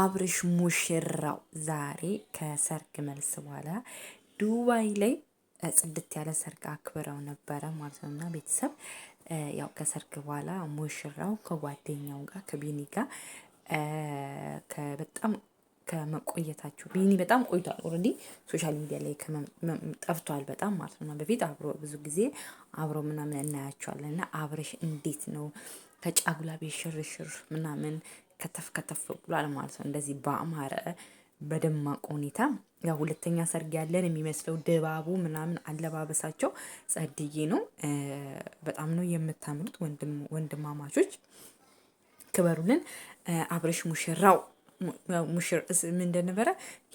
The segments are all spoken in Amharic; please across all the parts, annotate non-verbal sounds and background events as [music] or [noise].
አብርሽ ሙሽራው ዛሬ ከሰርግ መልስ በኋላ ዱባይ ላይ ጽድት ያለ ሰርግ አክብረው ነበረ ማለት ነው። እና ቤተሰብ ያው ከሰርግ በኋላ ሙሽራው ከጓደኛው ጋር ከቢኒ ጋር በጣም ከመቆየታችሁ ቢኒ በጣም ቆይቷል። ኦልሬዲ ሶሻል ሚዲያ ላይ ጠፍቷል በጣም ማለት ነው። በፊት አብሮ ብዙ ጊዜ አብሮ ምናምን እናያቸዋለን። እና አብርሽ እንዴት ነው ከጫጉላ ቤት ሽርሽር ምናምን ከተፍ ከተፍ ብሏል ማለት ነው። እንደዚህ በአማረ በደማቅ ሁኔታ ያው ሁለተኛ ሰርግ ያለን የሚመስለው ድባቡ ምናምን አለባበሳቸው ጸድዬ ነው። በጣም ነው የምታምሩት ወንድማማቾች፣ ክበሩልን። አብረሽ ሙሽራው ሙሽር ምንድን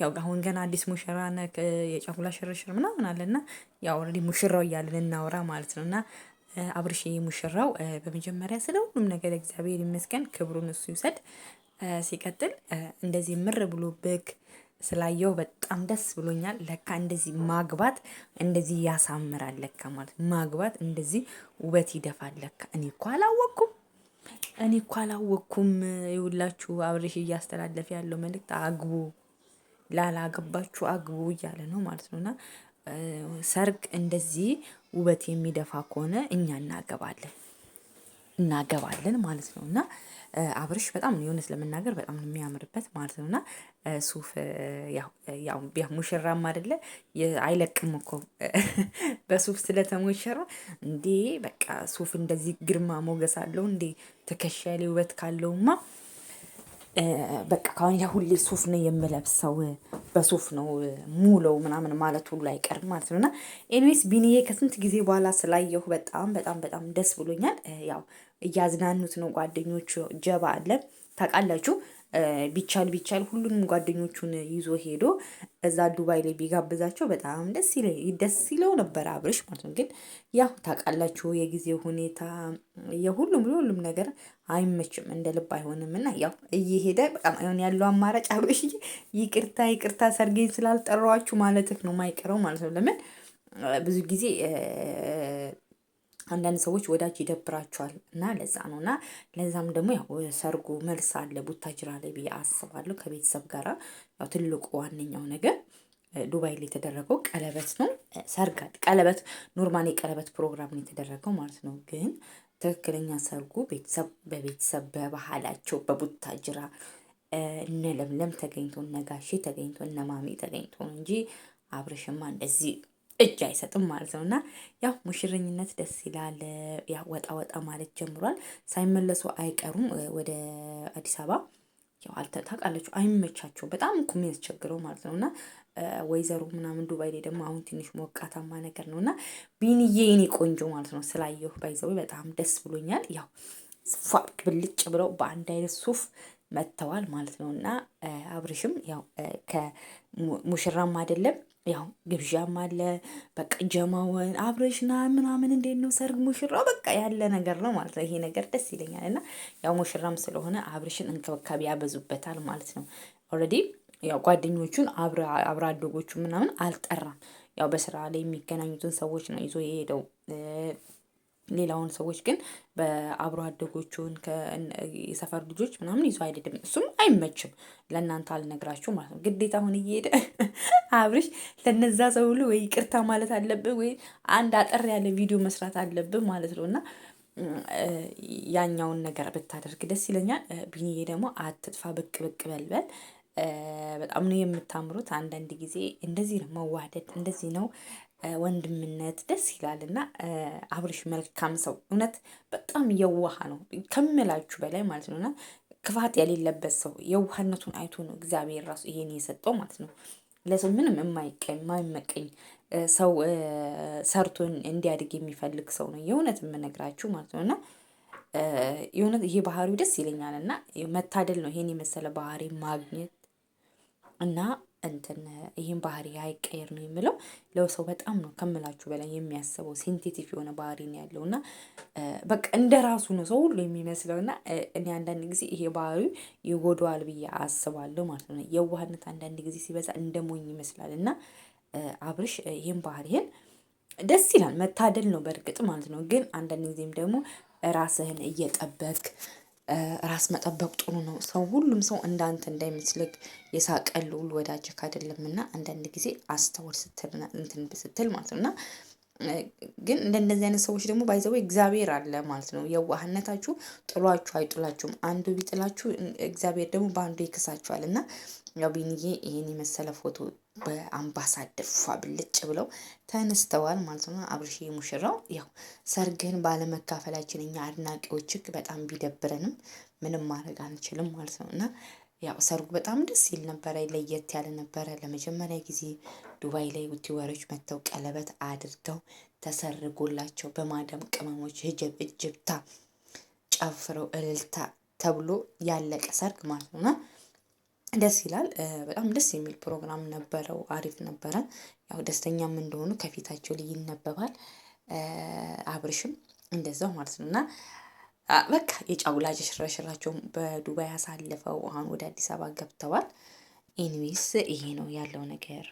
ያው አሁን ገና አዲስ ሙሽራ የጫጉላ ሽርሽር ምናምን አለና ያው ኦልሬዲ ሙሽራው እያለን እናውራ ማለት ነው እና አብርሽ ሙሽራው በመጀመሪያ ስለ ሁሉም ነገር እግዚአብሔር ይመስገን፣ ክብሩን እሱ ይውሰድ። ሲቀጥል እንደዚህ ምር ብሎ ብግ ስላየው በጣም ደስ ብሎኛል። ለካ እንደዚህ ማግባት እንደዚህ ያሳምራል። ለካ ማለት ማግባት እንደዚህ ውበት ይደፋል። ለካ እኔ እኮ አላወቅኩም፣ እኔ እኮ አላወቅኩም። ይውላችሁ አብርሽ እያስተላለፈ ያለው መልእክት አግቡ፣ ላላገባችሁ አግቡ እያለ ነው ማለት ነውና ሰርግ እንደዚህ ውበት የሚደፋ ከሆነ እኛ እናገባለን እናገባለን ማለት ነው። እና አብርሽ በጣም የእውነት ለመናገር በጣም የሚያምርበት ማለት ነው። እና ሱፍ ያው ሙሽራም አይደለ አይለቅም እኮ [laughs] በሱፍ ስለተሞሸረ እንዴ፣ በቃ ሱፍ እንደዚህ ግርማ ሞገስ አለው እንዴ? ትከሻ ላይ ውበት ካለውማ በቃ ካሁን ያ ሱፍ ነው የምለብሰው በሱፍ ነው ሙለው ምናምን ማለት ሁሉ አይቀርም ማለት ነው። እና ኤኒዌይስ ቢኒዬ ከስንት ጊዜ በኋላ ስላየሁ በጣም በጣም በጣም ደስ ብሎኛል። ያው እያዝናኑት ነው ጓደኞቹ ጀባ አለ ታውቃላችሁ። ቢቻል ቢቻል ሁሉንም ጓደኞቹን ይዞ ሄዶ እዛ ዱባይ ላይ ቢጋብዛቸው በጣም ደስ ደስ ይለው ነበር አብርሽ ማለት ነው። ግን ያው ታውቃላችሁ የጊዜ ሁኔታ የሁሉም ሁሉም ነገር አይመችም እንደ ልብ አይሆንም። እና ያው እየሄደ በጣም አሁን ያለው አማራጭ አብርሽ ይቅርታ ይቅርታ ሰርጌን ስላልጠሯችሁ ማለትህ ነው ማይቀረው ማለት ነው። ለምን ብዙ ጊዜ አንዳንድ ሰዎች ወዳጅ ይደብራቸዋል እና ለዛ ነው እና ለዛም ደግሞ ያው ሰርጉ መልስ አለ ቡታጅራ ላይ ብዬ አስባለሁ። ከቤተሰብ ጋራ ያው ትልቁ ዋነኛው ነገር ዱባይ ላይ የተደረገው ቀለበት ነው። ሰርግ ቀለበት ኖርማል የቀለበት ፕሮግራም ነው የተደረገው ማለት ነው። ግን ትክክለኛ ሰርጉ ቤተሰብ በቤተሰብ በባህላቸው በቡታጅራ እነ ለምለም ተገኝቶ እነ ጋሼ ተገኝቶ እነ ማሜ ተገኝቶ እንጂ አብረሽማ እንደዚህ እጅ አይሰጥም ማለት ነው። እና ያው ሙሽረኝነት ደስ ይላል። ያው ወጣ ወጣ ማለት ጀምሯል። ሳይመለሱ አይቀሩም ወደ አዲስ አበባ። ያው ታውቃላችሁ አይመቻቸው በጣም እኮ የሚያስቸግረው ማለት ነው እና ወይዘሮ ምናምን ዱባይ ላይ ደግሞ አሁን ትንሽ ሞቃታማ ነገር ነው እና ቢንዬ የኔ ቆንጆ ማለት ነው ስላየሁ ባይዘው በጣም ደስ ብሎኛል። ያው ብልጭ ብለው በአንድ አይነት ሱፍ መጥተዋል ማለት ነው እና አብርሽም ያው ከሙሽራም አይደለም ያው ግብዣም አለ። በቃ ጀማውን አብረሽና ምናምን እንዴት ነው ሰርግ ሙሽራው በቃ ያለ ነገር ነው ማለት ነው። ይሄ ነገር ደስ ይለኛል እና ያው ሙሽራም ስለሆነ አብርሽን እንክብካቤ ያበዙበታል ማለት ነው። ኦልሬዲ ያው ጓደኞቹን አብረ አደጎቹ ምናምን አልጠራም። ያው በስራ ላይ የሚገናኙትን ሰዎች ነው ይዞ የሄደው። ሌላውን ሰዎች ግን በአብሮ አደጎቹን የሰፈር ልጆች ምናምን ይዞ አይደድም። እሱም አይመችም። ለእናንተ አልነግራችሁ ማለት ነው። ግዴታ አሁን እየሄደ [laughs] አብርሽ ለነዛ ሰው ሁሉ ወይ ይቅርታ ማለት አለብህ ወይ አንድ አጠር ያለ ቪዲዮ መስራት አለብህ ማለት ነው። እና ያኛውን ነገር ብታደርግ ደስ ይለኛል። ቢኒዬ ደግሞ አትጥፋ፣ ብቅ ብቅ በልበል። በጣም ነው የምታምሩት። አንዳንድ ጊዜ እንደዚህ ነው መዋደድ፣ እንደዚህ ነው ወንድምነት ደስ ይላል እና አብርሽ መልካም ሰው እውነት በጣም የዋሃ ነው ከምላችሁ በላይ ማለት ነው። እና ክፋት የሌለበት ሰው የዋህነቱን አይቶ ነው እግዚአብሔር ራሱ ይሄን የሰጠው ማለት ነው። ለሰው ምንም የማይቀኝ የማይመቀኝ ሰው ሰርቶ እንዲያድግ የሚፈልግ ሰው ነው የእውነት የምነግራችሁ ማለት ነው። እና የእውነት ይሄ ባህሪው ደስ ይለኛል እና መታደል ነው ይሄን የመሰለ ባህሪ ማግኘት እና እንትን ይህን ባህሪ አይቀየር ነው የምለው። ለሰው በጣም ነው ከምላችሁ በላይ የሚያስበው ሲንቴቲክ የሆነ ባህሪ ነው ያለው እና በቃ እንደ ራሱ ነው ሰው ሁሉ የሚመስለው እና እኔ አንዳንድ ጊዜ ይሄ ባህሪ ይጎዳዋል ብዬ አስባለሁ ማለት ነው። የዋህነት አንዳንድ ጊዜ ሲበዛ እንደ ሞኝ ይመስላል እና አብርሽ ይሄን ባህሪህን ደስ ይላል መታደል ነው በእርግጥ ማለት ነው። ግን አንዳንድ ጊዜም ደግሞ ራስህን እየጠበክ ራስ መጠበቅ ጥሩ ነው። ሰው ሁሉም ሰው እንዳንተ እንዳይመስልክ የሳቀ ልዑል ወዳጅክ አይደለምና አንዳንድ ጊዜ አስተውል ስትል እንትን ስትል ማለት ነው እና ግን እንደነዚህ አይነት ሰዎች ደግሞ ባይዘው እግዚአብሔር አለ ማለት ነው። የዋህነታችሁ ጥሏችሁ አይጥላችሁም። አንዱ ቢጥላችሁ እግዚአብሔር ደግሞ በአንዱ ይክሳችኋል። እና ያው ቢንዬ ይሄን የመሰለ ፎቶ በአምባሳደር ፏ ብልጭ ብለው ተነስተዋል ማለት ነው። አብርሽ ሙሽራው ያው ሰርግን ባለመካፈላችን እኛ አድናቂዎች በጣም ቢደብረንም ምንም ማድረግ አንችልም ማለት ነው እና ያው ሰርጉ በጣም ደስ ይል ነበረ፣ ለየት ያለ ነበረ። ለመጀመሪያ ጊዜ ዱባይ ላይ ዩቲዩበሮች መጥተው ቀለበት አድርገው ተሰርጎላቸው በማዳም ቅመሞች ህጀብ እጅብታ ጨፍረው እልልታ ተብሎ ያለቀ ሰርግ ማለት ነውና ደስ ይላል። በጣም ደስ የሚል ፕሮግራም ነበረው፣ አሪፍ ነበረ። ያው ደስተኛም እንደሆኑ ከፊታቸው ላይ ይነበባል። አብርሽም እንደዛው ማለት ነው እና በቃ የጫጉላ ሽረሽራቸውን በዱባይ አሳልፈው አሁን ወደ አዲስ አበባ ገብተዋል። ኢንዌስ ይሄ ነው ያለው ነገር።